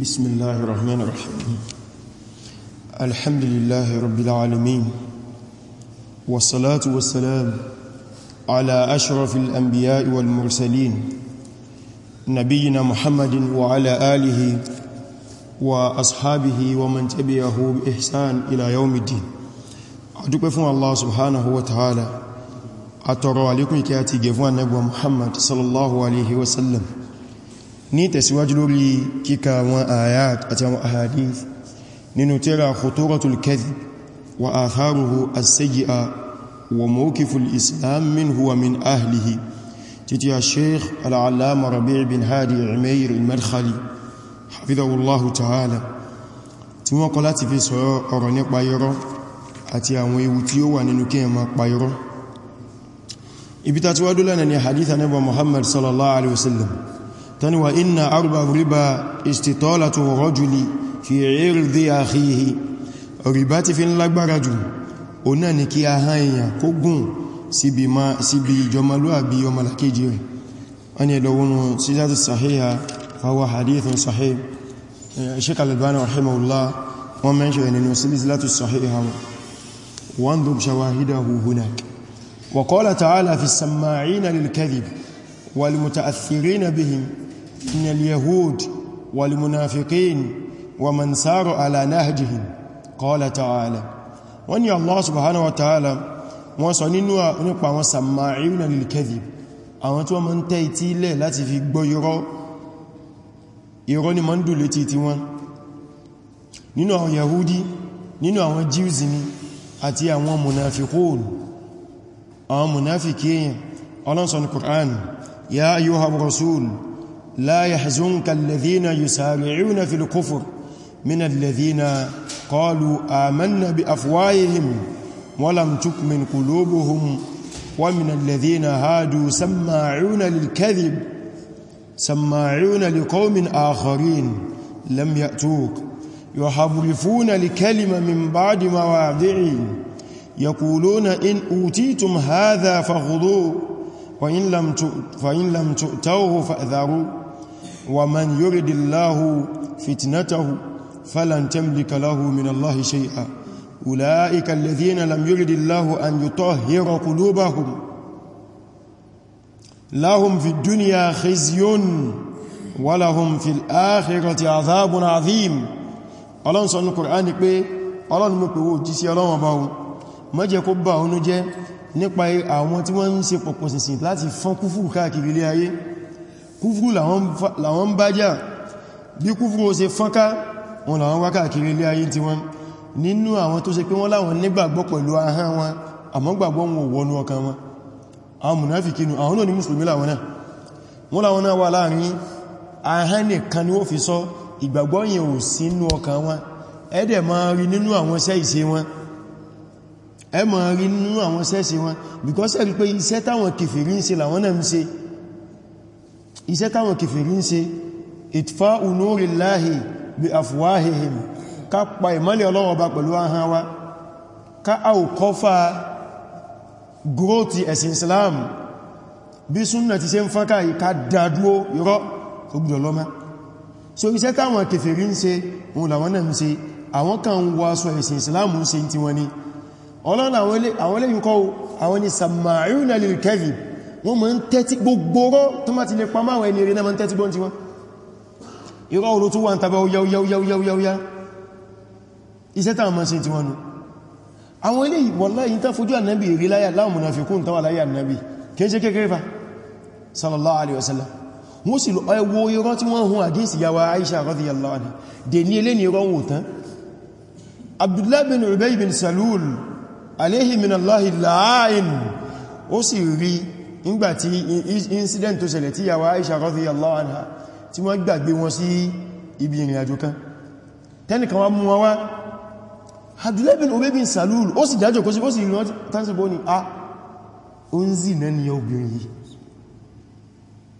بسم الله الرحمن الرحيم الحمد لله رب العالمين والصلاة والسلام على أشرف الأنبياء والمرسلين نبينا محمد وعلى آله وأصحابه ومن تبعه بإحسان إلى يوم الدين أدوك فون الله سبحانه وتعالى أترى عليكم كاتي جفوان نبو محمد صلى الله عليه وسلم ní tẹ̀síwájú lórí kíka àwọn ayat àti àwọn ahadith nínú tírà khuturatul kadhib wa atharuhu as-sayyi'a wa mawqiful islam minhu wa min ahlihi títí a sheikh al'allama rabi' bin hadi umair al-madkhali hafidhahullahu ta'ala tí wọ́n kọ láti fi sọ̀rọ̀ ọ̀rọ̀ nípa irọ́ àti àwọn ewu tí ó wà nínú kí ẹ̀mà pa irọ́ ibi tàtíwádó lánàá ni hadith anábà muhammad sallallahu alaihi wasallam tani wa inna arba riba istitolatu rajuli fi irdi akhihi riba ti fi lágbára jù ọ̀nà ni kí ahọ́n èèyàn kó gùn síbi ma síbi ìjọmọlúàbí ọmọlàkejì rẹ̀ wọ́n ni ẹ̀lọ́wọ́nù e síjáàtì sahiha fawa hadithun sahih eh, Shaykh Al-Albani rahimahullah wọ́n mẹ́ṣẹ̀ nínú sílìsílátù sahiha wọ́n dùn shawahidahu hunak wa qala ta'ala fi as-samma'ina lil-kadhib wal-muta'aththirina bihim من اليهود والمنافقين ومن سار على نهجهم قال تعالى وأن الله سبحانه وتعالى وصننوا نقع وسماعون للكذب àwọn tí wọ́n máa ń tẹ́ ìtí ilẹ̀ láti fi gbọ́ irọ́ irọ́ ni máa ń dùn létí tí wọ́n nínú àwọn Yahudi nínú àwọn Jews ni àti àwọn munafiqun àwọn munafiki èèyàn ọlọ́nsọ̀ ní Qur'an ya ayyuha rasul لا يحزنك الذين يسارعون في الكفر من الذين قالوا آمنا بأفواههم ولم تكمن قلوبهم ومن الذين هادوا سماعون للكذب سماعون لقوم آخرين لم يأتوك يحرفون لكلمة من بعد مواضعه يقولون إن أوتيتم هذا فخذوه وإن لم لم تؤتوه فأذروه ومن يرد الله فتنته فلن تملك له من الله شيئا أولئك الذين لم يرد الله أن يطهر قلوبهم لهم في الدنيا خزي ولهم في الآخرة عذاب عظيم ọlọ́run sọ ní kùránì pé ọlọ́run mú pèwò jí sí ọlọ́run ọba ohun mọ́jẹ kó bá oúnú jẹ́ nípa àwọn tí wọ́n ń ṣe pọ̀pọ̀ sínsìn láti fọ́n kúfù káàkiri ilé ayé kúfúrú làwọn bá jà bí kúfúrú ó ṣe fọ́nká wọn làwọn wá káàkiri ilé ayé tí wọ́n nínú àwọn tó ṣe pé wọ́n láwọn nígbàgbọ́ pẹ̀lú ahán wọn àmọ́ gbàgbọ́ wọn ò wọnú ọkàn wọn àwọn mùnáfikínú àwọn náà ni mùsùlùmí làwọn náà wọ́n láwọn náà wà láàrin ahán nìkan ni ó fi sọ because ẹ rí pé iṣẹ́ táwọn kèfèrí ń ṣe iṣẹ́ táwọn kèfèrí ń ṣe ìtfà unórí láhì bí afwahihim ká pa ìmọ́lẹ̀ Ọlọ́run Ọba pẹ̀lú ahọ́n wa ká àwòkọ́fà gúrótì ẹ̀sìn Islam bí súnnà ti ṣe ń fánká yìí ká dádúó irọ́ tó gbùdọ̀ lọ́má so iṣẹ́ táwọn kèfèrí ń ṣe òun làwọn náà ń ṣe wọ́n ma ń tẹ́tí gbogboro tó má ti lè pamáwọn ẹni rí náà ma ń tẹ́tí gbọ́n ti wọ́n irọ́ oló tó wà ń tàbí ọyauyauyauyauya iṣẹ́ tàà ma ṣe ti wọ́n nù àwọn ilé wọ́lá yìí tán fojú ànábì rí láyà láwọn mùnàfikún tán wà láyà ànábì kìí ṣe kékeré fa sallallahu alaihi wasallam wọ́n sì lọ ẹwọ irọ́ tí wọ́n hun àdínsì yawa Aisha radiyallahu anha dè ní ilé ní irọ́ wò tán Abdullah bin Ubay bin Salul alayhi min Allahi la'in ó sì rí nígbàtí incident tó ṣẹlẹ̀ tí yàwó Aisha radhiyallahu anha tí wọ́n gbàgbé wọn sí ibi ìrìn àjò kan tẹ́nìkan wá mú wọn wá Abdullah bin Salul ó sì dájò kó sí ó sì ìrìn tánsìbó ni a ah, ó ń zì náà ni obìnrin yìí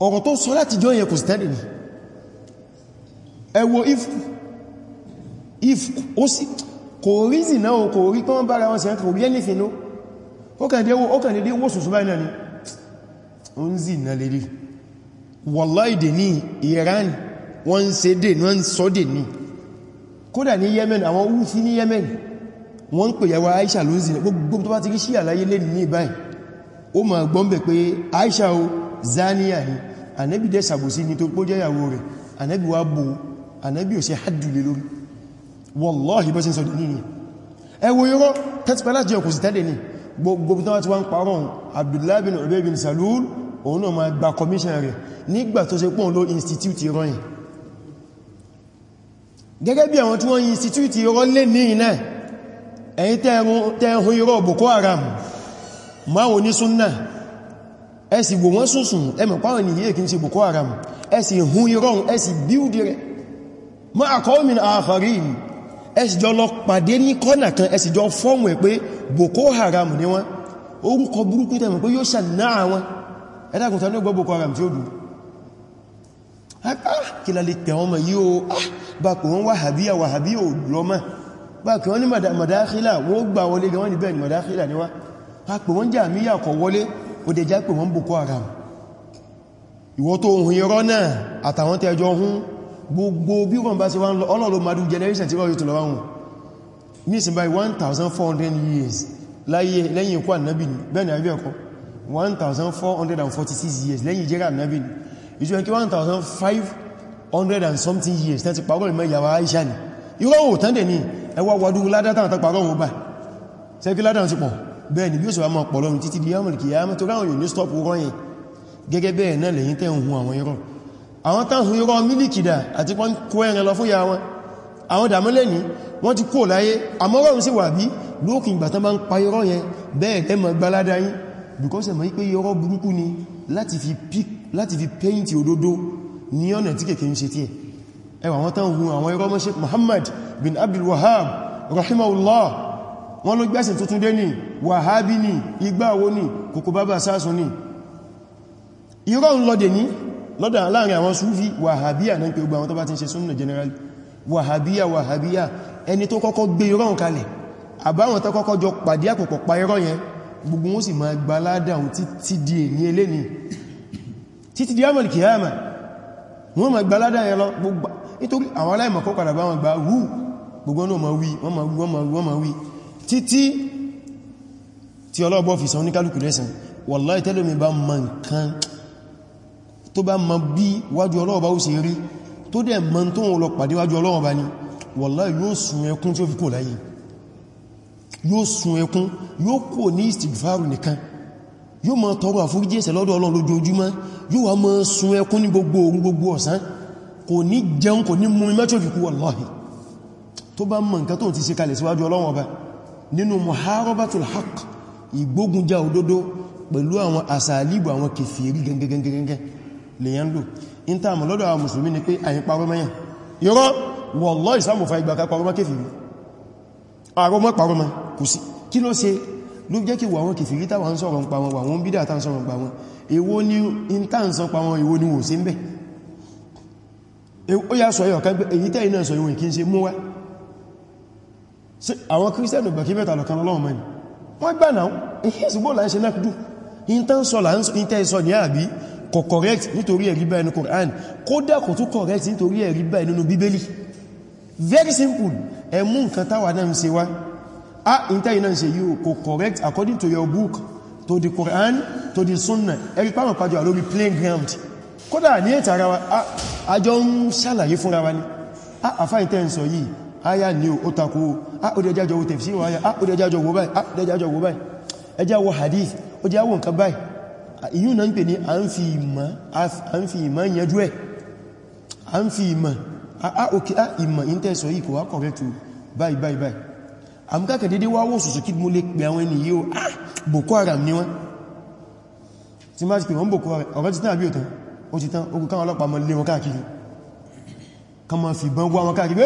ọ̀rọ̀ tó sọ láti if kò rí zì náà kò rí pọ́n bára wọn sí ẹkùn rí ẹnìfin ló ni ó ń zì náà lérí wallahi dè ní Iran wọ́n ń ṣe dè ní wọ́n sọ dè ní kódà ní Yemen àwọn wúfí ní Yemen wọ́n ń pè yàwó Aisha ló ń zì gbogbo tó bá ti rí sí àlàyé lè ní báyìí ó ma gbọ́nbẹ̀ pé Aisha o zaniya ni Ànábì dẹ̀ sàbòsí ni tó pọ́ jẹ́yàwó rẹ̀ Ànábì wá bò Ànábì ò ṣe hajjú lè lórí wallahi bọ́ sí sọ dè ní ẹwọ yọ́rọ́ tẹ́tí pẹ́lá jẹ́ òkùsì ni gbogbo tó wá ti wá ń parọ́ Abdullah bin Ubay bin Salul òun náà ma gba commission rẹ̀ nígbà tó ṣe pọ́n ló institute ìrọyìn gẹ́gẹ́ bí àwọn tí wọ́n institute ìrọ́ lè ní iná ẹ̀yìn tẹ́ẹ̀hù irọ́ Boko Haram máa wò ní súnnà ẹ sì wò wọ́n sùsùn ẹmọ̀ pàwọn nìyí kí n ṣe Boko Haram ẹ sì hun irọ́ ẹ bíúdì rẹ̀ ma àkọ́wọ́mìn àfàríìn ẹ jọ lọ pàdé ní kọ́nà kan ẹ jọ fọ́ọ̀mù ẹ̀ pé Boko Haram ni wọ́n orúkọ burúkú tẹ́mọ̀ pé yóò ṣà náà wọn ẹ̀dàkùn tàbí gbọ́ Boko Haram tí ó dùn kí la lè tẹ̀ ọmọ yí o bákò wọ́n wàhábíyà wàhábíyà ò lọ́mà bákò wọ́n ní madáhílà wọ́n gbà wọlé gan ní bẹ́ẹ̀ ni madáhílà níwá bákò wọ́n jàmíyà kọ̀ wọlé madu generation tí wọ́n yóò tó lọ wáhùn ní ìsìn báyìí years lẹ́yìn ikú ànábì bẹ́ẹ̀ ni àríbẹ̀ ẹ̀kọ́ 1446 years lẹ́yìn ìjẹ́rà náàbì ìjọ ẹ̀kí 1500 and something years tán ti pàrọ̀ ìmọ̀ ìyàwó Aisha ni irọ́ ò tán dẹ̀ ní ẹwà wàdú ládátà tán pàrọ̀ wọn bá sẹ́kí ládátà ti pọ̀ bẹ́ẹ̀ ni bí ó sọ àmọ́ pọ̀lọ́ títí di yàmù kì yàmù tó ráwọn yóò ní stop rọ́ yẹn gẹ́gẹ́ bẹ́ẹ̀ náà lẹ́yìn tẹ́ hun àwọn irọ́ àwọn tán hun irọ́ mílìkìdà àti pọ́n kó ẹran lọ fún ya wọn àwọn dàmọ́lẹ̀ ní wọ́n ti kó láyé àmọ́rọ̀ sí wà bí lókùn ìgbà tán bá ń pa irọ́ yẹn bẹ́ẹ̀ tẹ́ mọ̀ gbaládá yìí because ẹ̀mọ̀ wípé irọ́ burúkú ni láti fi pẹ́yìntì òdodo ní ọ̀nà tí kèkè ń ṣe tí ẹ̀ ẹwà wọ́n tán hun àwọn irọ́ mọ́ Muhammad bin Abdul Wahab, rahimahullah wọ́n ló gbẹ́sìn tuntun dé ní Wahhabi ní igbáwo ní kòkó bábá sásun ní irọ́ ń lọ́dẹ̀ ní lọ́dà láàrin àwọn Sufi general Wahhabiya Wahhabiya ẹni tó kọ́kọ́ gbé irọ́ kalẹ̀ àbáwọn tó kọ́kọ́ jọ pàdé àpòpọ̀ gbogbo wọn sì máa gbaládà wọn títí di èní eléni títí di àmàlì kìíyàmà wọn máa gbaládà yẹn lọ gbogbo nítorí àwọn aláìmọ̀ kọ́ padà bá wọn gbà wú gbogbo náà máa wí wọ́n máa wí wọ́n máa wí wọ́n máa wí títí tí ọlọ́ọ̀bọ̀ fi san oníkálùkù lẹ́sìn wàláì tẹ́lómi bá mọ nǹkan tó bá mọ bí wájú ọlọ́ọ̀bá ó ṣe rí tó dẹ̀ mọ tó wọn lọ pàdé wájú ọlọ́ọ̀bá ni wàláì yóò sun ẹkún tí ó fi kò yóò sun ẹkún yóò kò ní istighfaru nìkan yóò máa tọrọ àforíjì ẹ̀ṣẹ̀ lọ́dọ̀ Ọlọ́run lójoojúmọ́ yóò wá máa sun ẹkún ní gbogbo òru gbogbo ọ̀sán kò ní jẹun kò ní mú mẹ́tò fi kú wallahi tó bá mọ̀ nǹkan tó ti ṣe kalẹ̀ síwájú Ọlọ́run ọba nínú muharabatul haqq ìgbógunjà òdodo pẹ̀lú àwọn àsàlíbù àwọn kèfèrí gẹ́gẹ́gẹ́gẹ́gẹ́ lèyàn àrọmọ́ parọmọ́ kò sí kí ló ṣe ló jẹ́ kí wọ́n kìfì rí táwọn sọ̀rọ̀ ń pa wọn wọ́n bídà tán sọ̀rọ̀ ń pa wọn èwo ni in tán sọ pa wọn èwo ni wò sí ń bẹ̀ ó yá sọ yọ̀kan pé èyí tẹ́yìn náà sọ ìwọ̀n kí n ṣe mú wá àwọn kírísítẹ̀nù bàkí mẹ́ta lọ̀kan ọlọ́run mẹ́ni wọ́n gbà náà èyí ṣùgbọ́ là náà dùn in tán ní àbí kò correct nítorí ẹ̀rí báyìí nínú Quran kódà kò tún correct nítorí ẹ̀rí báyìí nínú Bíbélì very simple ẹmú nǹkan táwà náà ń ṣe wá a ìntẹ́ iná ń yíò kò correct according to your book to the Quran to the Sunnah ẹ̀rí pàmọ̀ pàjọ àlórí plain ground kódà ní ètà ara wa àjọ ń ṣàlàyé fúnra wa ní a àfá ìntẹ́ ń sọ yìí aya ni o tako a ó dẹjá jọ wo tẹ̀fí wa aya a ó dẹjá jọ Ah, ah okay ah ìmọ̀ ìntẹ́sọ̀ yìí kò wá kọ̀rẹ́tù báyìí báyìí báyìí àmúkàkà dédé wá wò sùsù kí mo lè pè àwọn ẹni yíò ah Boko Haram ni wọ́n tí máa ti pè wọ́n Boko Haram ọ̀rẹ́ ti tán àbí òtán ó ti tán ogun káwọn ọlọ́pàá mọ́ lé wọn káàkiri kan ma fi bọ́n wá wọn káàkiri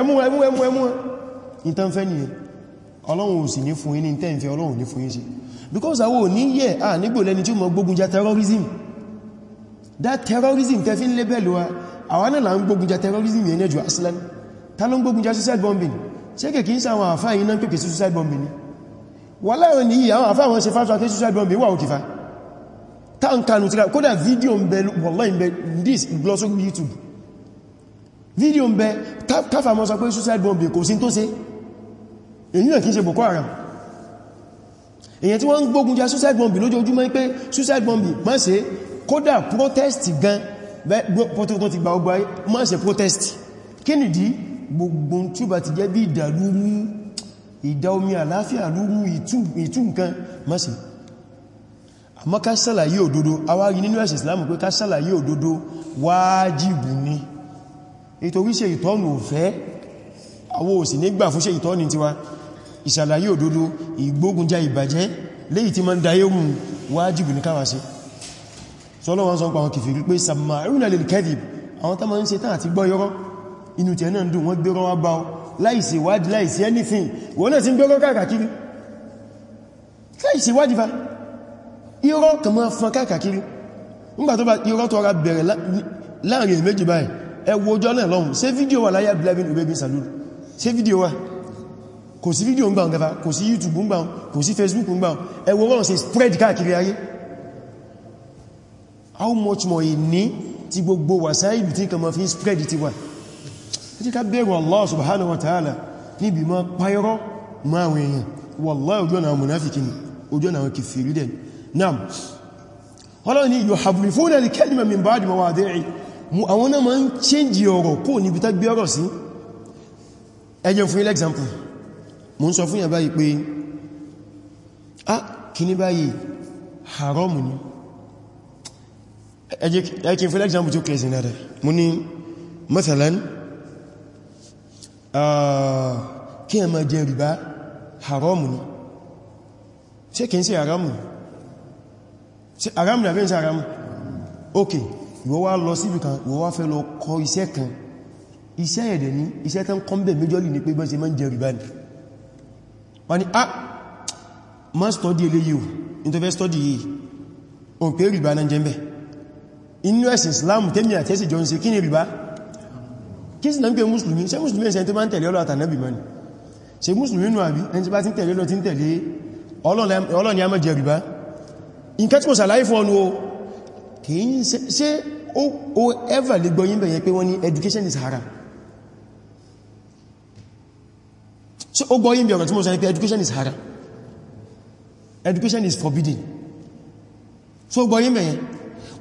ẹmú ẹmú ẹmú ẹmú ìtàn fẹ́ because àwọn ò ní yẹ à nígbò lẹni tí terrorism that terrorism tẹ́ fi wa àwọn náà ń gbógun jà terrorism yẹn nẹ́jù aslan ta ló ń gbógun jà suicide bombing ṣe kèkì ń sáwọn àfáà iná pèpè sí suicide bombing ni wà láàrin ní àwọn àfáà wọn ṣe fásitì kí suicide bombing wà òkìfà ta ń kanù tíra kódà fídíò ń bẹ wallahi ń bẹ this gloss on YouTube fídíò ń bẹ káfà mọ́ sọ pé suicide bombing kò sí tó ṣe èyí náà kìí ṣe Boko Haram èyàn tí wọ́n ń gbógun jà suicide kódà protest gan tó ti gba ọgbà máa ṣe protest kí nìdí gbogbo tí ó bá ti jẹ́ bí ìdàlúrú ìdá omi àláfíà lúrú ìtú nǹkan máa ṣe àmọ́ ká ṣàlàyé òdodo awárí nínú ẹ̀sìn Islam pé ká ṣàlàyé òdodo wájìbù ni ìtorí ṣe ìtọ́nù òfẹ́ àwọn òsì nígbà fún ṣe ìtọ́nù tiwa ìṣàlàyé òdodo ìgbógunjà ìbàjẹ́ léyìí tí ma ń dayé mú wájìbù ní káwàá sí sọ́lọ́ wọn sọ pé àwọn kìfì wípé sama'una lil kadhib àwọn tó máa ń ṣe tán àti gbọ́ yọrọ inú tẹ̀ náà dùn wọ́n gbẹ́rọ wá bá ọ láìsí wádìí láìsí anything wọ́n náà ti ń gbẹ́rọ káàkiri láìsí wádìí fa irọ́ kan máa fún káàkiri nígbà tó bá irọ́ tó ra bẹ̀rẹ̀ láàrin méjì báyìí ẹ wo ọjọ́ náà lọ́hùn ṣé fídíò wà láyé Abdullahi bin Ubay bin Salul ṣé fídíò wà kò sí fídíò ń gbà ń gẹfà kò sí YouTube ń gbà kò sí Facebook ń gbà ẹ wo wọ́n ṣe spread káàkiri ayé how much more ìní tí gbogbo wàsáìlù tí kan ma fi spread ti wà tí ká bẹ̀rù Allah subhanahu wa ta'ala níbi ma payọ́rọ́ ma àwọn èèyàn wallahi ojú ọ̀nà munafiki ni ojú ọ̀nà àwọn kìfèrí you have ọlọ́ni yuharrifuna the kalima min ba'di mawadi'i àwọn náà ma ń change ọ̀rọ̀ kó níbi tá gbé ọ̀rọ̀ sí ẹ jẹ́ fún ilé example mo ń sọ fún yà báyìí pé ah kí ní Haram haramu ni ẹjẹ́ fún example tó kẹsì náà mú ní masalan ah, kí ẹ ma jẹ rìbá haramu ni ṣe kìí sí haramu ṣe haramu dàbí ṣe haramu ok ìwọ wá lọ síbi kan ìwọ wá fẹ́ lọ kọ iṣẹ́ kan iṣẹ́ ẹ̀dẹ̀ ní iṣẹ́ tán kọ́mbẹ̀ méjọ́lì ní pé bọ́n ṣe mọ́ jẹ rìbá ni wọ́n ni ah ma study eléyìí o ní tó fẹ́ study yìí o n pé rìbá náà jẹ́ mẹ́ inú ẹ̀sìn islam tẹ́mì àtẹ́sì jọ ń ṣe kí ni rìbá kí sí na ń pè musulmi ṣe musulmi ẹ̀sẹ̀ tó bá ń tẹ̀lé ọlọ́ àtànàbì mọ́ni ṣe musulmi nù àbí ẹni tí bá ti ń tẹ̀lé ọlọ́ tí ń tẹ̀lé ọlọ́ni a má jẹ rìbá o kì í ṣe ó gbọ́ yín bẹ̀yẹ pé education is haram ṣe ó gbọ́ yín bẹ̀rẹ̀ tí mo sọ pé education is haram education is forbidden so gbọ́ yín bẹ̀yẹn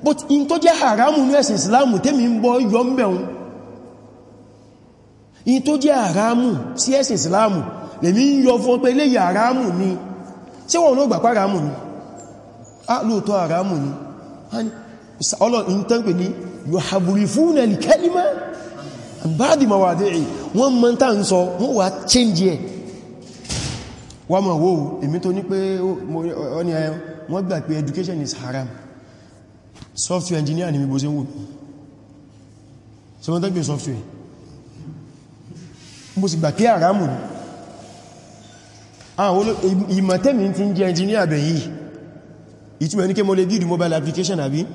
but in tó jẹ́ haramu ní ẹ̀sìn islamu tẹ́mi ń bọ́ yọ ń bẹ̀un in tó jẹ́ haramu sí ẹ̀sìn islamu lèmi ń yọ fún pé léyà haramu ni ṣé wọ́n ló gbà pá haramu ni a lóòtọ́ haramu ni ọlọ́ in tán pè ní yuhaburifuna al-kalima an ba'di mawadi'i wọ́n mọ́ tá ń sọ wọ́n wà change ẹ̀ wọ́n mọ̀ wó èmi tó ní pé wọ́n gbà pé education is haram software engineer ni mi bó ṣe ń wò ṣe mọ́ software mo sì gbà pé àrámù ní àwọn ah, ìmọ̀tẹ́mì ti ń jẹ́ engineer bẹ̀ yìí ìtumọ̀ ní kí mo lè build mobile application àbí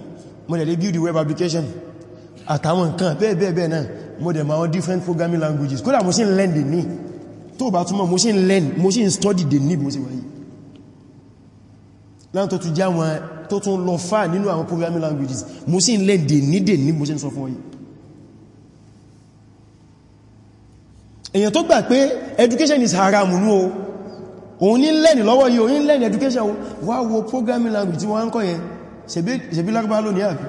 mo lè build web application àtàwọn nǹkan bẹ́ẹ̀ bẹ́ẹ̀ bẹ́ẹ̀ náà mo dẹ̀ ma different programming languages kódà mo sì ń learn dè ní tó bá túnmọ̀ mo sì ń learn mo sì ń study dè ní bó ṣe wáyé láàrín tó tún já wọn tó tún lọ fà nínú àwọn programming languages mo sì ń lẹ́ dènídè ní mo sì ń sọ fún yìí èyàn tó gbà pé education is haram nú o òun ní lẹ́ni lọ́wọ́ yìí òun ní lẹ́ni education wá wo programming language tí wọ́n ń kọ́ yẹn ṣebí Lárúbá ló ní àbí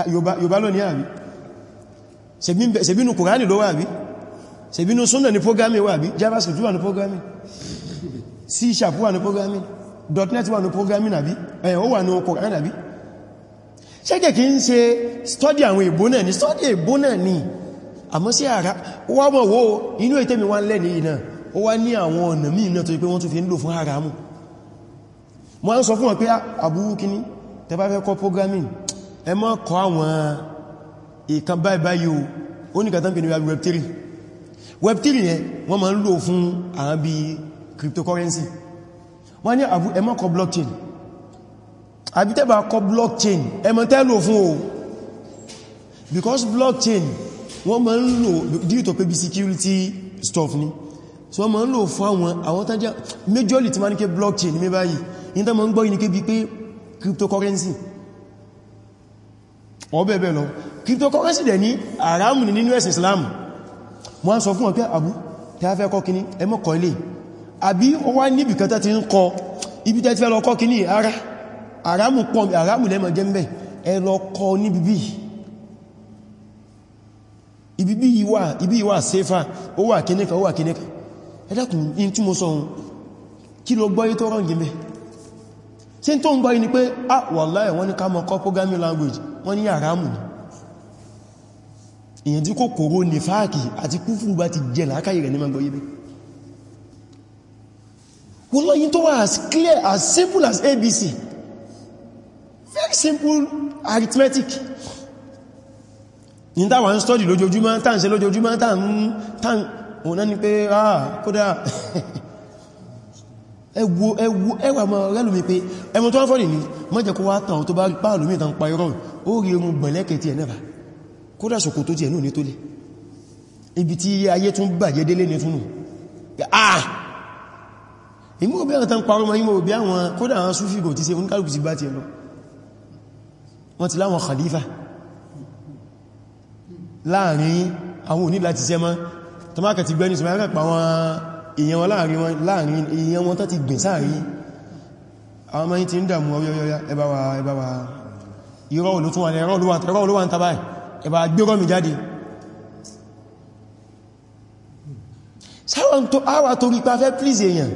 ah, Yorùbá ló ní àbí ṣebí nù Kùránì ló wà àbí ṣebí nù Sunnah ní programming wà àbí JavaScript wà ní programming C sharp wà ní programming Dotnet wà ní programming àbí ẹ̀yàn eh, ó wà ní Kùránì àbí ṣẹ́kẹ̀ kí ń ṣe study àwọn ìbó náà ni study ìbó náà ni àmọ́ sí ara ó wá mọ̀ wó inú ètè mi wá ń lẹ́ ní ìnà ó wá ní àwọn ọ̀nà míì náà tó pé ah, programming ẹ má kọ́ àwọn ìkan báyìí báyìí ó ní kàtàkì ní web cryptocurrency wọ́n ní àbú ẹmọ́ kọ blockchain àbí tẹ́bà kọ blockchain ẹmọ́ tẹ́lò fún o because blockchain wọ́n ma ń lò due to pé security stuff ni so wọ́n ma ń lò fún àwọn àwọn tán jẹ́ majorly ti ma ní ké blockchain ní báyìí ní tán ma ń gbọ́ yìí ní ké bí pé cryptocurrency ọbẹ̀ bẹ̀ lọ cryptocurrency dẹ̀ ní àrámù nínú ẹ̀sìn Islam wọ́n sọ fún wọn pé àbú tẹ́ àbí ó wá níbi kan tẹ́ ń kọ ibi tẹ́ ti fẹ́ lọ kìíní ara àrámù pọ̀ àrámù lẹ́mọ̀ jẹ́ mẹ́ ẹ lọ kọ níbi bí ibi bí ìwà ibi ìwà sẹ́fà ó wà kìíníkà ó wà kìíníkà ẹ dákun in tí mo sọ ohun kí ló gbọ́ tó rọ̀ gẹ́mẹ́ language wọ́n ní àrámù ni èyàn tí kòkòrò ní fáàkì wallahi tó wà as clear as simple as abc very simple arithmetic ní táwà ń study lójoojúmọ́ tàà ń se lójoojúmọ́ tàà ń tàà òun ni pé ah kódà ẹwọ ẹwọ ẹwà mọ́ rẹ́lùmí pé ẹmọ tó wọ́n fọ́dì ní mọ́jẹ̀ kó wá tàn tó bá pààlùmí tàn pa irọ́ ó rí irun gbọ̀nlẹ́kẹ̀ tí ẹ̀nẹ́bà kódà ṣòkò tó ti ẹ̀nù ní tó lè ibi tí ayé tún bàjẹ́ délé ní túnù ah ìmú òbí àwọn tán parọ́ mọ́ òbí àwọn kódà àwọn súfìgò ti ṣe oníkálùkù sí bá ti ẹ̀lọ wọ́n ti láwọn khalifa láàrin àwọn òní láti ṣe mọ́ tọ́mákà ti gbẹ́ni sọmọ́ àkàpà wọn èèyàn wọn láàrin wọn láàrin èèyàn wọn tán ti gbìn sáàrin àwọn ọmọ yìí ti ń dàmú ọyọyọya ẹbá wa ẹbá wa irọ́ olú tún sáwọn tó áwà torí pa fẹ́ please èèyàn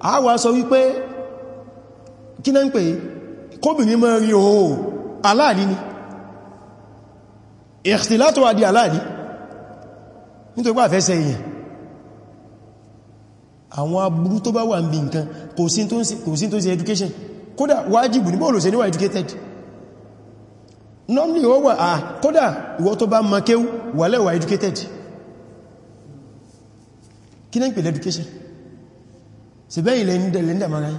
a wá sọ wípé kí náà ń pè kóbìnrin mọ́ rí oó aláàdí ni ìrìsìlátò wà di aláàdí nítorí pé àfẹ́sẹ̀ èèyàn àwọn aburú tó bá wà ń bí nǹkan kò sí tó sí education kódà wájìbù ní bóòlù sí níwà educated normally ó wà à kódà ìwọ tó bá makéw wà lẹ́wà educated kí náà ń pè lẹ́ducation sí bẹ́ ilẹ̀ lẹ́ndàmára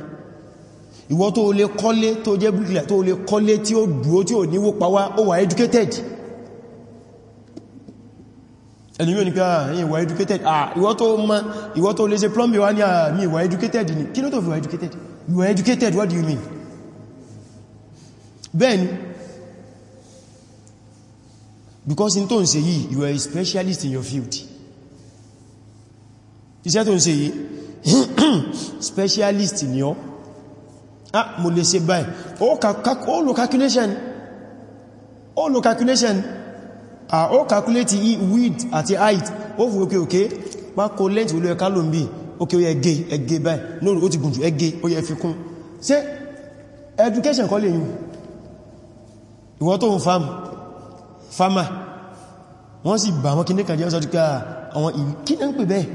ìwọ tó lè kọ́lé tó jẹ́ bricklayer tó lè kọ́lé tí ó dúró tí ó níwó pàwá ó wà educated ẹni yóò ní pé àà ah, ìwà educated ah ìwọ tó ma ìwọ tó lè ṣe plumbing wá ní àmì ah, ìwà educated ni kí ló tó fi wà educated you are educated what do you mean Ben? because in tó ń ṣe yìí you are a specialist in your field iṣẹ́ tó ń ṣe yìí specialist ni ọ́ ah mo lè ṣe báyìí ó lo calculation ó lo calculation ah ó calculate i width àti height ó fún òkè òkè pákó lẹ́ntì olú ẹka ló ń bí òkè ó yẹ gẹ ẹgẹ báyìí lóòrùn ó ti gùn jù ẹgẹ ó yẹ fi kún education kọ́ lè yìn ìwọ́n to ń farm farmer wọ́n sì bà wọn ah, kí ní kàjẹ́ sọ́dúkà àwọn ìkí náà ń pè bẹ́ẹ̀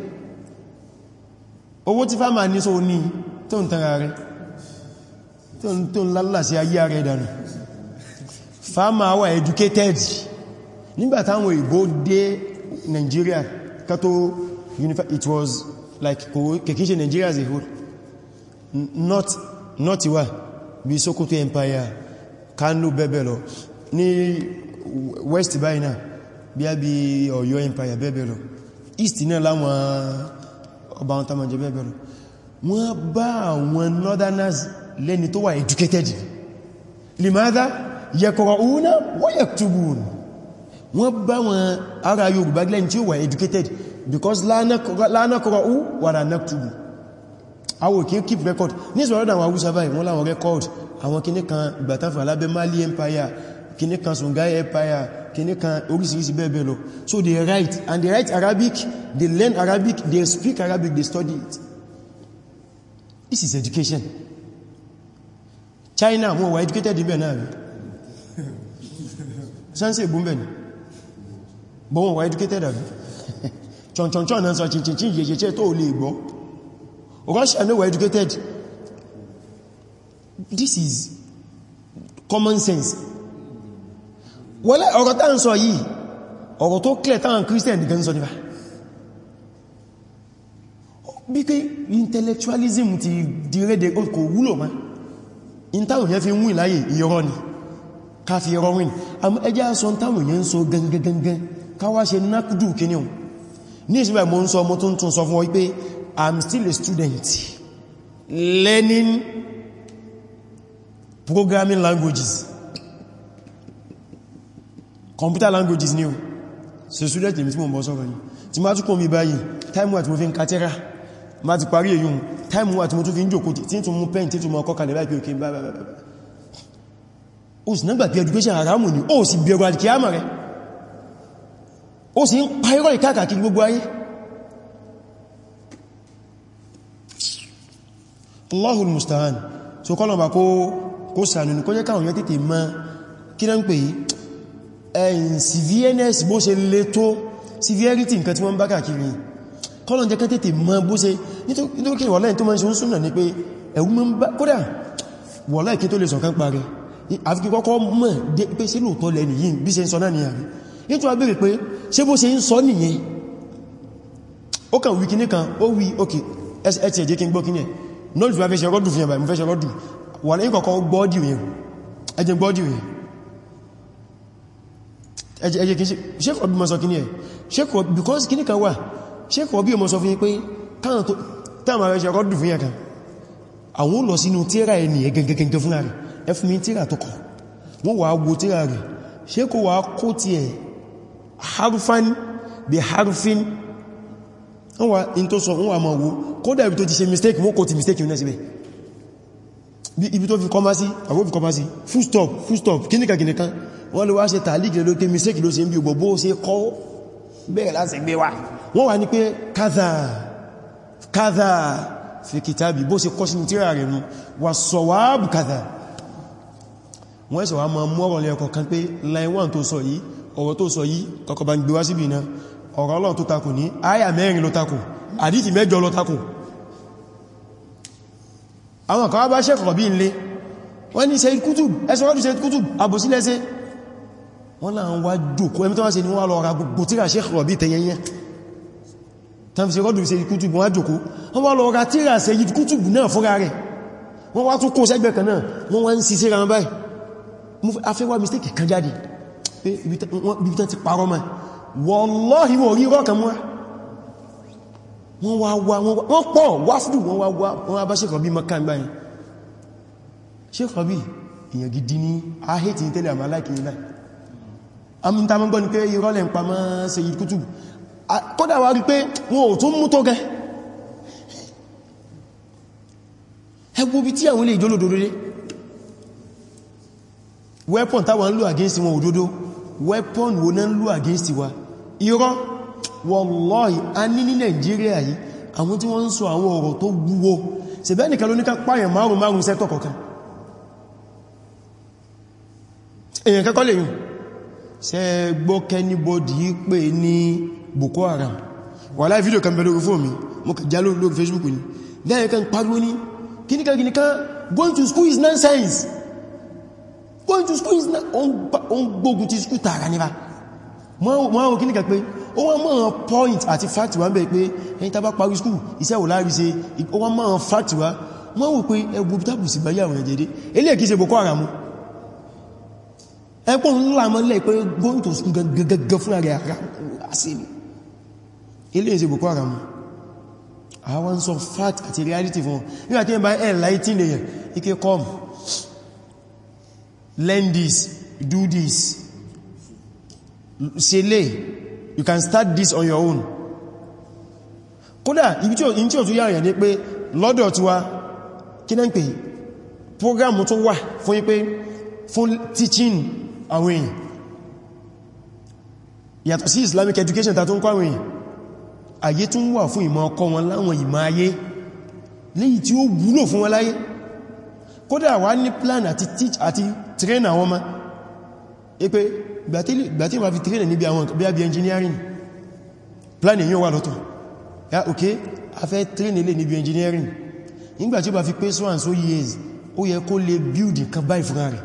owó tí fáàmà ní só ní tó ń tara rẹ̀ tó ń lálà sí ayé rẹ̀ dànù fáàmà wà educated nígbàtàwọn ìbò dé Nigeria kátó it was like kèkíṣe Nigeria as a whole not not iwa bí Sokoto Empire Kano bẹ́bẹ̀ lọ ní West báyìí a bí i Ọ̀yọ́ Empire bẹ́bẹ̀ lọ East náà láwọn ọba wọn tamọ̀ jẹbẹ́ bẹ̀rù wọ́n bá àwọn northerners lẹ́ni tó wà educated limada yaqra'una wa yaktubun wọ́n bá wọn ará Yorùbá lẹ́ni tí ó wà educated because la naqra'u wa la naktubu kí keep record ní ìsọ̀rọ̀dà àwọn awúsá báyìí wọ́n láwọn record àwọn kìnnìkan ìgbàtàfà alábẹ́ Mali empire kìnnìkan Songhai empire kìní kan oríṣiríṣi bẹ́ẹ̀ bẹ́ẹ̀ lọ so they write and they write Arabic they learn Arabic they speak Arabic they study it this is education China wọ́n wà educated ibẹ̀ náà rí sánsẹ̀ ìbúnbẹ̀ ni bọ́ wọ́n wà educated àbí chọ̀nchọ̀nchọ̀ náà sọ chìnchìnchìn yẹ̀yẹ̀ tó lè gbọ́ Russia no were educated this is common sense wọ́lẹ́ ọ̀rọ̀ tá ń sọ yìí ọ̀rọ̀ tó clear táwọn christian nìkan sọ nípa bí kí intellectualism ti di rédè kò wúlò má in táwọn yẹn fi ń wìn láyé ìyọrọ ni ká fi ẹrọ wìn àmọ́ ẹjẹ́ aṣọ táwọn yẹn sọ gangan káwá ṣe nákùdù kíní ohun ní i'm still a student learning programming languages computer language is new. ṣe student lèmi tí mo ń bọ́ sọ́rọ̀ yìí tí máa tún kò mi báyìí time wà tí mo fi ń katẹ́rà máa ti parí èyí time wà tí mo tún fi ń jòkó tí tún mú pen tí tún mọ́ kọkàlẹ̀ láìpẹ́ òkè bá o sì nígbà pé education haramu ni o sì bẹ̀rù alìkíyàmà rẹ̀ o sì ń pàírọ̀ ìkàkàkiri gbogbo ayé Allahul musta'an so kọ́lọ̀ ko kó sànù ko kó jẹ́ káwọn yẹ́ tètè kí náà ń pè yìí ẹ̀yìn eh, severeness bó ṣe lè tó severity nǹkan tí wọ́n bá kàkiri kọ́lọ̀ jẹ́ kẹ́tẹ̀tẹ̀ mọ́ bó ṣe nítorí wọ́lẹ̀ tó mọ́ ṣe ń súnà ní pé ẹ̀wú mọ́ bá kódà wọ́lẹ̀ kí tó lè sọ̀kan parí àfikí kọ́kọ́ mọ́ pé sí lóòtọ́ lẹ́ni yìí bí ṣe ń sọ náà ní àrí nítorí wọ́n bèèrè pé ṣé bó ṣe ń sọ nìyẹn ó kàn wí kíní kan ó wí ókè ẹ̀tì ẹ̀jẹ́ kí n gbọ́ kíní ẹ̀ nọ́ọ̀lù fẹ́ ṣe ọgọ́dù fi hàn báyìí mo fẹ́ ṣe ọgọ́dù wà lẹ́yìn kọ̀ọ̀kan gbọ́ọ̀dì rẹ̀ ẹjẹ́ gbọ́ọ̀dì rẹ̀ ẹjẹ́ kìí ṣékù ọbí mọ́ sọ kìí ẹ̀ ṣékù ọbí because kìí kan wà ṣékù ọbí mọ́ sọ fún yí pé táàmà rẹ̀ ṣe rọ́dù fún yàkan àwọn olọ sínú tíra ẹni ẹgẹgẹgẹgẹ fún rẹ̀ ẹfún mi tíra tó kọ wọ́n wà wo tíra rẹ̀ ṣékù wà kó ti ẹ̀ mistake wọ́n kò mistake náà síbẹ̀ ibi tó fi full stop full stop kíníkà kíníkan wọ́n lè wá ṣe tàlíkì ló pé mistake ló ṣe ń bí gbogbo ṣe kọ́ bẹ́ẹ̀ láti gbé wá wọ́n wà ní pé kádà kádà fi kìtàbí bó ṣe kọ́ sínú tíra rẹ̀ mú wà sọ̀wàábù kádà wọ́n ẹ̀sọ̀ wá máa mú ọ̀rọ̀ lẹ́ọkọ̀ kan pé line 1 tó sọ wọ́n ní Sayyid Qutb ẹ̀sọ̀rọ̀dù Sayyid Qutb àbòsílẹ́sẹ́ wọ́n láà ń wá jòkó ẹmí tó wá se ní wọ́n lọ ra gbogbo tíra Sheikh Rabi tẹ̀yẹnyẹ tàbí sí rọ́dù sí kútùbù wá jòkó wọ́n wá lọ ra tíra sí kútùbù náà fúnra rẹ̀ wọ́n wá tún kó sẹ́gbẹ̀ kan náà wọ́n wá ń si sí ran báyìí afẹ́ wá mistake kan jáde ibi tán ti parọ́ ma wallahi wọ́n rí rọ́kan mú wọ́n wá wá wọ́n pọ̀ wáfúdù wọ́n wá wá wọ́n bá Sheikh Rabi mọ́ká ń ni. Sheikh hate èèyàn gidi ní tẹ́lẹ̀ àmà aláìkìí láì àmì ta mọ́gbọ́n ni pé irọ́lẹ̀ ń pa mọ́ Sayyid Qutb kódà wà rí pé wọn ò tún mú tó gẹ ẹgbó bí tí àwọn ilé ìjọ́ lòdòdó dé weapon táwọn ń lò against wọn òdòdó weapon wo náà ń lò against wa irọ́ wallahi a ní ní Nàìjíríà yìí àwọn tí wọ́n ń sọ èèyàn kẹ́kọ́ lè yùn ṣe gbọ́ kẹ́nibọ́dì pé ní Boko Haram wà láì fídíò kan bẹ̀rẹ̀ fún mi mo kà jálò lórí Facebook ni lẹ́yìn kan pariwo ní kíníkà kíníkà going to school is nonsense going to school is on gbógun ti school tààrà nípa wọ́n àwọn kíníkà pé ó wọ́n mọ́ point àti fact wà ń bẹ̀ pé ẹni tàbá parí school iṣẹ́ wò láàrí ṣe ó wọ́n mọ́ fact wà wọ́n wò pé ẹgbò tábù sí báyàwó ẹ̀jẹ̀dẹ́ ẹ̀pọ̀ ńlá mọ́lẹ̀ pé going to school gẹ́gẹ́gẹ́ fún àrẹ àṣírí ilé ìṣẹ́ boko haram àwọn sọ fact àti reality fún nígbà tí ẹ bá enlighten èyàn ike come learn this do this ṣe you can start this on your own kódà ibi tí ó tún yára ní pé lọ́dọ̀ tí wá kí náà ń pè program tó wà fún yí fún teaching àwọn èèyàn yàtọ̀ sí islamic education tàtún kọ́ àwọn èèyàn ayé tún wà fún ìmọ̀ ọkọ́ wọn láwọn ìmọ̀ ayé léyìí tí ó wúlò fún wọn láyé kódà wà ní plan àti teach àti train àwọn ọmọ ipé gbàtí ma fi train níbi àwọn bí i engineering plan èyí wà lọ́tọ̀ ya ok a fẹ́ train ilé níbi engineering nígbàtí ó bá fi pé so and so years ó yẹ kó lè build nǹkan báyìí fúnra rẹ̀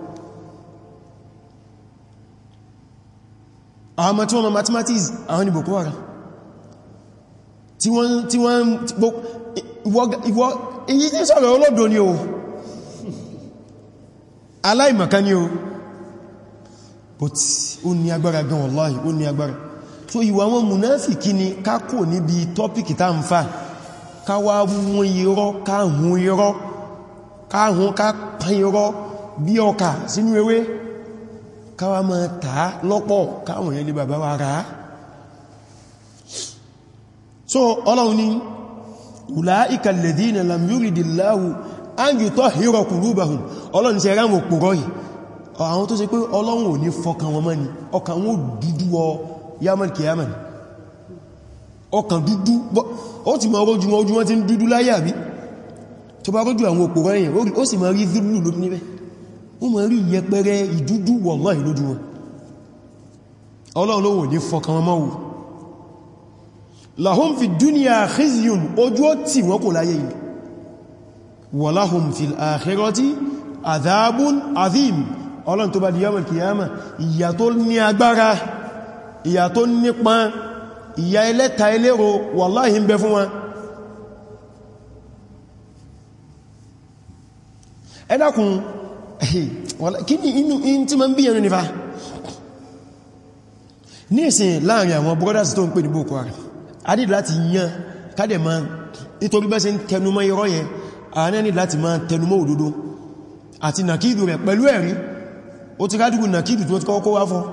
àwọn ọmọ tí wọ́n mọ̀ mathematics àwọn ni boko haram tí wọ́n tí wọ́n ìwọ èyí tí sọ̀rọ̀ olóòdó ni o aláìmọ̀ká ni o but ó ní agbára gan wallahi ó ní agbára so ìwà wọn munafiki ni ká kò níbi tọ́pìkì tá ń fà ká wá mú irọ́ ká hun irọ́ ká hun ká pan irọ́ bí ọkà sínú ewé káwà mọ́ tàá lọ́pọ̀ káwọn èèyàn bàbá wa rà so ọlọ́run ni ulaika alladhina lam yuridillahu an yutahhira qulubahum ọlọ́run ṣe ráwọn òpòrọ̀ yìí àwọn tó ṣe pé ọlọ́run ò ní fọkàn wọn mọ́ ni ọkàn yaman kiyaman ọkàn dúdú ó ti máa rójú wọn ojú wọn ti ń dúdú láyé àbí tó bá rójú àwọn òpòrọ̀ yìí ó sì máa rí dúdú lómi níbẹ̀ ó mọ̀ rí ìyẹpẹrẹ ìdúdú wọ̀lọ́ ìlójú wọn ọlọ́run ló wò ní fọkàn wọn mọ́wù lahum fi dúníà khizyun ojú ó tì wọ́n kò láyé yìí wa lahum fil akhirati adhabun adhim ọlọ́run tó bá di yawmal qiyamah ìyà kí ni inú in tí ma ń bí ẹnu nífà ní ìsìn láàrin àwọn brothers tó ń pè ní Boko Haram a ní láti yan kádẹ̀ ma nítorí bẹ́ sí ń tẹnumọ́ irọ́ yẹn a ní láti ma tẹnumọ́ òdodo àti nàkídù rẹ̀ pẹ̀lú ẹ̀rí ó ti rádùgbù nàkídù tó kọ́kọ́ wá fọ́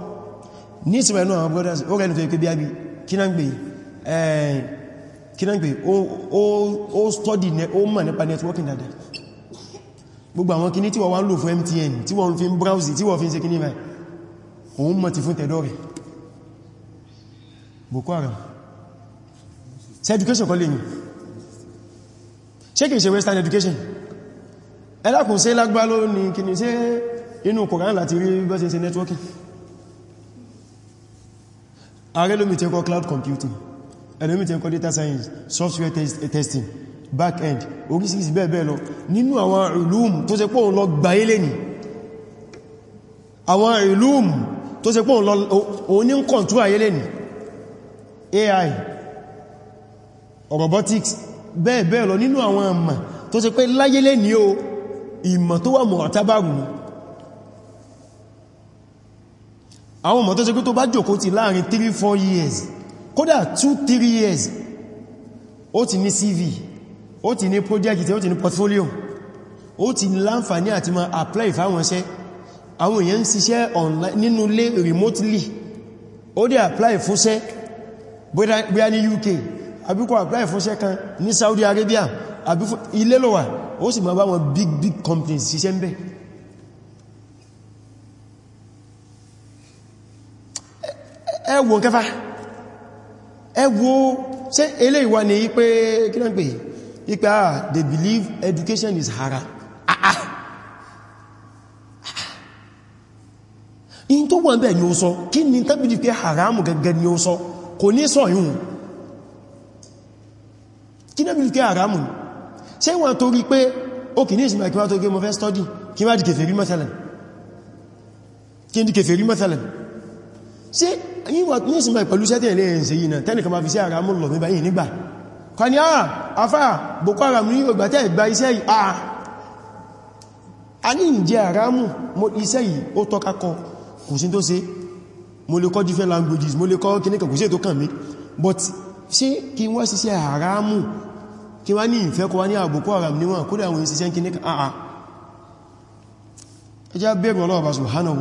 ní ìsìn brothers ó rẹ̀nù tó yẹ pé bí i kí náà ń gbé eh, kí náà ń gbé ó gbogbo àwọn kìíní tí wọ́n wá ń lò fún MTN tí wọ́n fi ń browse tí wọ́n fi ń ṣe kìíní rẹ̀ òun mọ̀ ti fún tẹ̀dọ́rì Boko Haram ṣe education kọ́ lè ní ṣe kìí ṣe western education ẹlákùn ṣe lágbá ló ní kìíní ṣe inú Koran láti rí bọ́sẹ̀ ṣe networking ààrẹ lómi cloud computing ẹlòmí tẹ́kọ́ data science software testing back end orísìírísìí bẹ́ẹ̀ bẹ́ẹ̀ lọ nínú àwọn ìlúm tó ṣe pọ́ lọ gbáyé lè ní àwọn ìlúm tó ṣe pọ́ lọ òní ń kọ̀ntú AI robotics bẹ́ẹ̀ bẹ́ẹ̀ lọ nínú àwọn àmà tó ṣe pé láyé lè ní o ìmọ̀ tó wà mọ̀ọ̀tábàrù àwọn ọmọ tó ṣe pé tó years kódà 2-3 years ó ti ní CV ó ti ní project ó ti ní portfolio ó ti láǹfàní àti ma apply fáwọn iṣẹ́ àwọn èèyàn ṣiṣẹ́ online nínú ilé remotely ó dẹ̀ apply fúnṣẹ́ bóyá ní UK àbíkọ́ apply fúnṣẹ́ kan ní Saudi Arabia àbíkọ́ ilé lọ́wà ó sì ma bá wọn big big companies ṣiṣẹ́ ń bẹ̀ ẹwọ kẹfà ẹwọ ṣe eléyìí wà ní pé kí náà pè yìí ipa ah they believe education is haram ah ah in tó wọ́n bẹ̀ ni ó sọ kí ni tàbí di pé haramu gẹ́gẹ́ ni ó so kò ní sọ yíò kí haram, bílùkẹ́ haramu ṣe wọ́n tó rí pé ó kì ní ìsinmi àkíwá tó gé mọ́ fẹ́ study kí má di kèfèrí mẹ́tẹ̀lẹ̀ kí ní kèfèrí mẹ́tẹ̀lẹ̀ ṣe yíwà ní ìsinmi pẹ̀lú sẹ́tẹ̀ ilẹ̀ ẹ̀yìn kan ni ah afá Boko Haram ní ògbàtẹ́ ìgbà iṣẹ́ yìí ah a ní ìjẹ́ àrámù iṣẹ́ yìí ó tọ́ka kọ kò sí tó ṣe mo lè kọ́ different languages mo lè kọ́ kíníkà kò sí tó kàn mí but ṣe kí wọ́n ṣiṣẹ́ àrámù kí wọ́n ní ìfẹ́ kọ́ wá ní ah, Boko Haram níwọ̀n kódà àwọn ìṣiṣẹ́ kíníkà ah, ah.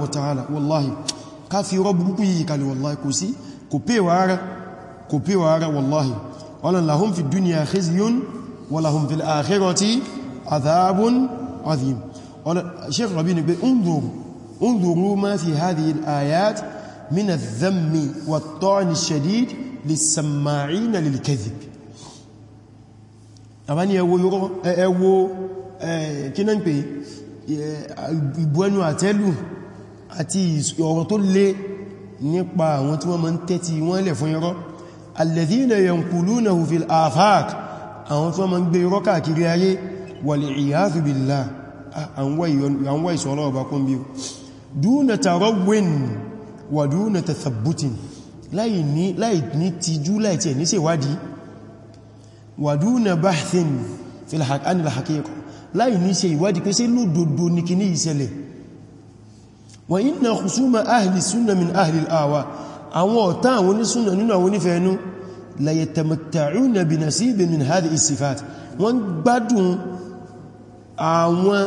wa ta'ala wallahi ká fi rọ́ wallahi kò sí kò wallahi ọlọ́n lahum fi dúnìyà khizyun wa lahum fil akhirati adhabun azim sheikh rabi ni pé unduru ma fi hadhihi al-ayat min adh-dhammi wa at-ta'n ash-shadid lis-samma'in lil-kadhib àbáni ẹwọ kí náà ń pè ìbú ẹnu àtẹ́lù àti ọ̀rọ̀ tó lé nípa àwọn tí wọ́n máa ń tẹ́tí wọ́n lẹ̀ fún irọ́ alladhina yanqulunahu fil afaq àwọn tó ma ń gbé irọ́ káàkiri ayé wal iyadhu billah àwọn wá ìṣọ́lọ́ ọba kún bí dúnà tarawwin wà dúnà tathabbutin láì ní tijú láì tẹ̀ ní ṣèwádìí wà dúnà bahthin fil haqiqa láì ní ṣe ìwádìí pé ṣé lódodo ní ìṣẹ̀lẹ̀ wa inna khusuma ahli sunna min ahli al àwọn ọ̀tá àwọn onísúnà nínú àwọn onífẹ́ẹnú la yatamatta'una bi nasibin min hadhihi as-sifat wọ́n gbádùn àwọn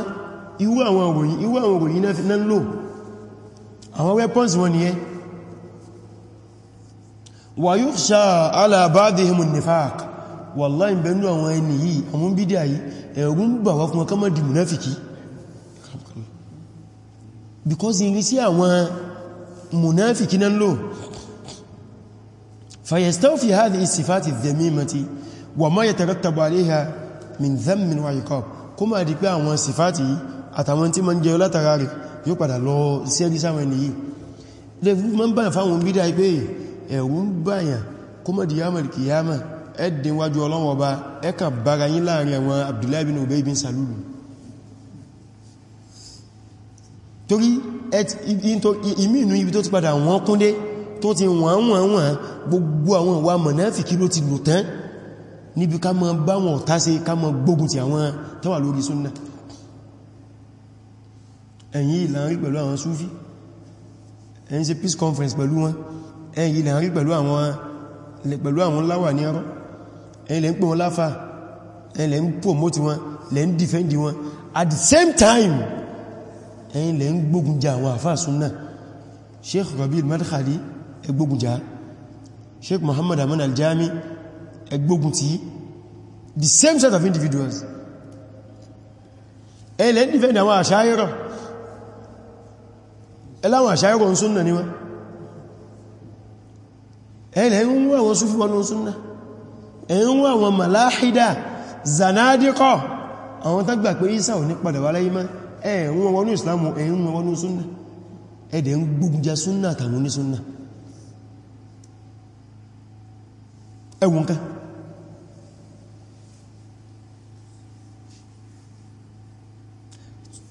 irú àwọn òròyìn irú àwọn òròyìn náà ń lò àwọn weapons wọn nìyẹn wa yukhsha ala ba'dihim an munafiki because in فيستوفي هذه الصفات الذميمة وما يترتب عليها من ذم وعقاب كما دي pé àwọn sifati àtàwọn tí man jẹ́ látara rẹ̀ yó padà lọ sí eri sawen ni le man ba fa wọn bidai pé ẹ wọn ba yan kuma di yamal kiyama edin wájú Ọlọ́hun Ọba ẹ kàn bára yín láàrin àwọn Abdullah bin Ubay bin Salul torí et into iminu ibi tó ti padà wọn kúnde tó ti wọ́n wọ́n wọ́n gbogbo àwọn ìwà mọ̀náfìkí ló ti lò tán níbi ká mọ bá wọn ọ̀tá ṣe ká mọ gbógun ti àwọn tó lórí súnnà ẹ̀yin ìlànrí pẹ̀lú àwọn súfí ẹ̀yin ṣe peace conference pẹ̀lú wọn ẹ̀yin ìlànrí pẹ̀lú àwọn láwà ní ọrọ̀ Rabi al-Madkhali ẹgbógun já Sheikh Muhammad Aman Al-Jami ẹgbógun tí the same set of individuals ẹlẹ́ ń dìfẹ́ndì àwọn àṣáyẹ́rọ̀ ẹláwọn àṣáyẹ́rọ̀ ń súnnà níwá ẹlẹ́ ń wọ́n àwọn súnfí wọn ń súnnà ẹ̀yìn wọ́n àwọn màláhídà zanadikọ̀ àwọn tágbà pé Isa ò ní padà wá láyé má ẹ̀yìn wọ́n wọ́n ní Islam ẹ̀yìn wọ́n wọ́n ní súnnà ẹ̀dẹ̀ ń gbógun já súnnà àtàwọn ní súnnà ẹwùn kan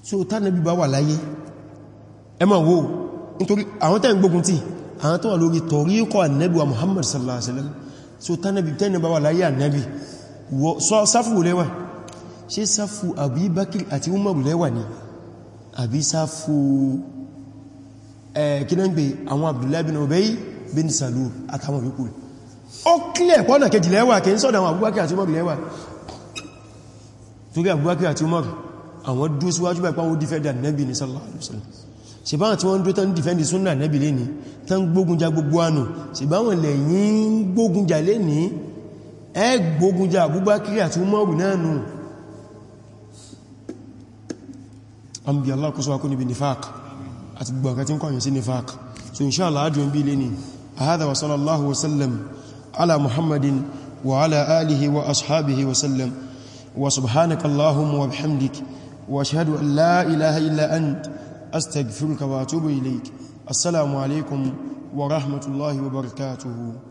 so tánàbí bá wà láyé ẹ máa wò nítorí àwọn tẹ́ ń gbógun tí àwọn tó wà lórí tọ̀ríkọ̀ ànẹ́bí wa Muhammad sallallahu alaihi wasallam so tánàbí tẹ́ni bá wà láyé ànẹ́bí sáfù lẹ́wà ṣe sáfù àbí Bakr àti Umaru lẹ́wà ni àbí sáfù ẹ̀kínẹ́gbẹ̀ eh, àwọn Abdullahi bin Ubay bin Salul àtàwọn yòókù ó kílẹ̀ pọ́nà kejìlẹ́wà kí n sọ́dọ̀ àwọn Abubakar àti Umar lẹ́wà torí Abubakar àti Umar àwọn dúó síwájú bá ìpáwó dífẹ́dà nẹ́bì ní sallallahu alaihi wasallam ṣe bá tí wọ́n dúó tán dífẹ́ndì súnnà nẹ́bì lé ní tán gbógunjà gbogbo ànù ṣe bá wọn lẹ́yìn gbógunjà lé ní ẹ gbógunjà Abubakar àti Umar náà nù àmì Allah kó sọ akó níbi nifaq àti gbogbo àkàtí ń kọ̀yìn sí nifaq so inṣáàlá adùn bí lé ní a hádà wa sallallahu wasallam على محمد وعلى آله وأصحابه وسلم وسبحانك اللهم وبحمدك وأشهد أن لا إله إلا أنت أستغفرك وأتوب إليك السلام عليكم ورحمة الله وبركاته